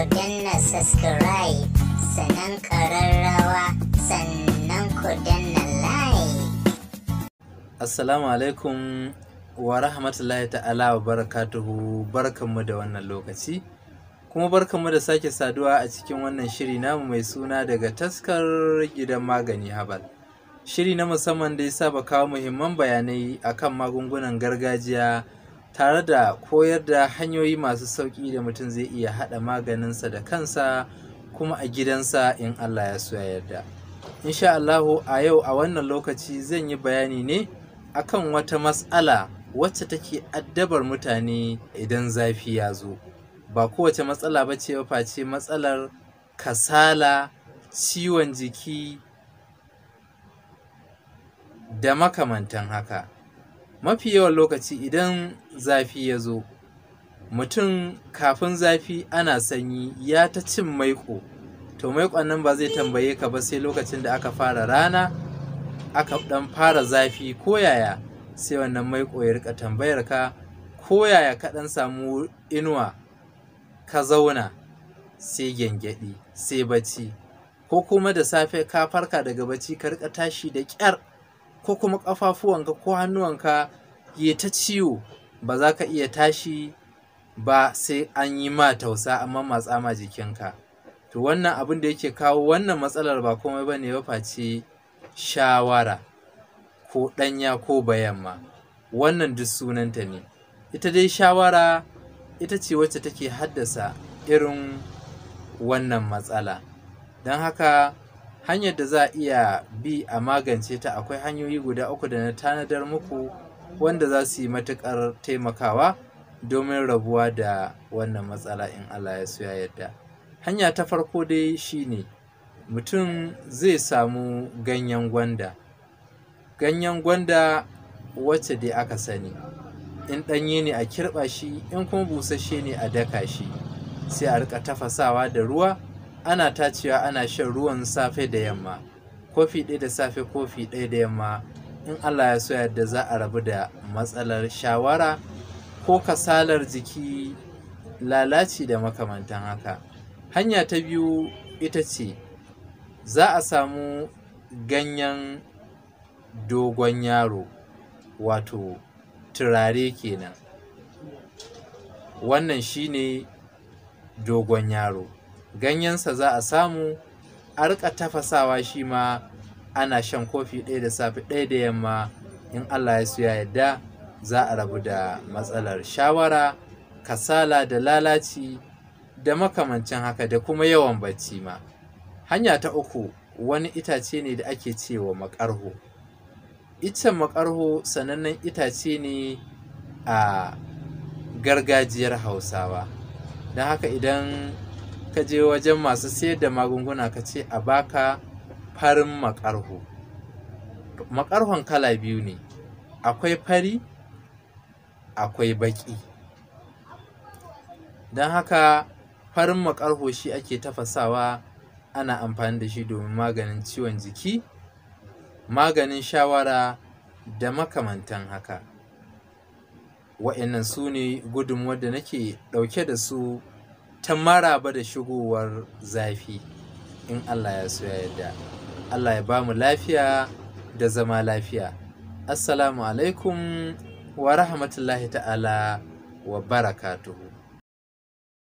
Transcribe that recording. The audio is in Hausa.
ku danna subscribe sannan ƙararrawa sannan ku danna like. Assalamu alaikum wa rahmatullahi ta'ala wa barakatuhu barkanmu da wannan lokaci. Kuma barkanmu da sake saduwa a cikin wannan shiri namu mai suna daga taskar gidan magani Habal. Shiri na musamman da ya saba kawo muhimman bayanai akan magungunan gargajiya tare da koyar da hanyoyi masu sauƙi da mutum zai iya haɗa maganinsa da kansa kuma a gidansa in Allah ya so ya yarda. Insha Allahu a yau a wannan lokaci zan yi bayani ne akan wata matsala wacce take addabar mutane idan zafi ya zo. Ba kowace matsala ba ce face matsalar kasala, ciwon jiki da makamantan haka. mafi yawan lokaci idan zafi ya zo mutum kafin zafi ana sanyi ya ta cin maiko, to maikon nan ba zai tambaye ka ba sai lokacin da aka fara rana aka ɗan fara zafi ko yaya sai wannan maiko ya rika tambayar ka ko yaya ka dan samu inuwa ka zauna sai gyangyaɗi sai bacci ko kuma da safe ka farka daga bacci ka rika tashi da ƙyar ko kuma ƙafafuwanka ko hannuwanka ya ta ciwo ba za ka iya tashi ba sai an yi ma tausa amma matsa ma jikinka to wannan abin da yake kawo wannan matsalar ba komai ba ne ba face shawara ko ɗanya ko bayanma wannan duk sunanta ne ita dai shawara ita ce wacce take haddasa irin wannan matsala don haka hanyar da za a iya bi a magance ta akwai hanyoyi guda uku da na tanadar muku wanda za su yi matuƙar taimakawa domin rabuwa da wannan matsala in Allah ya so ya yarda. Hanya ta farko dai shi ne. mutum zai samu ganyen gwanda. Ganyen gwanda wacce dai aka sani, in ɗanye ne a kirɓa shi, in kuma busasshe ne a daka shi, sai a rika tafasawa da ruwa ana tacewa ana shan ruwan safe da yamma kofi ɗaya da safe kofi ɗaya da yamma in allah ya so yadda za a rabu da matsalar shawara ko kasalar jiki lalaci da makamantan haka hanya ta biyu ita ce za a samu ganyen dogon yaro wato turare kenan wannan shine dogon yaro ganyensa za a samu a riƙa tafasawa shi ma ana shan kofi ɗaya da safe ɗaya da yamma in Allah ya suya yadda za a rabu da matsalar shawara kasala da lalaci da makamancin haka da kuma yawan bacci ma hanya ta uku wani itace ne da ake cewa makarho iccen makarho sanannen itace ne a gargajiyar hausawa don haka idan ka je wajen masu sayar da magunguna ka ce a baka farin makarho makarhon kala biyu ne akwai fari akwai baki don haka farin makarho shi ake tafasawa ana amfani da shi domin maganin ciwon jiki maganin shawara da makamantan haka wa'annan su ne gudunmuwar da nake ɗauke da su ta maraba da shigowar zafi in Allah ya so ya yarda. Allah ya ba mu lafiya da zama lafiya. Assalamu alaikum wa rahmatullahi ta'ala wa barakatuhu.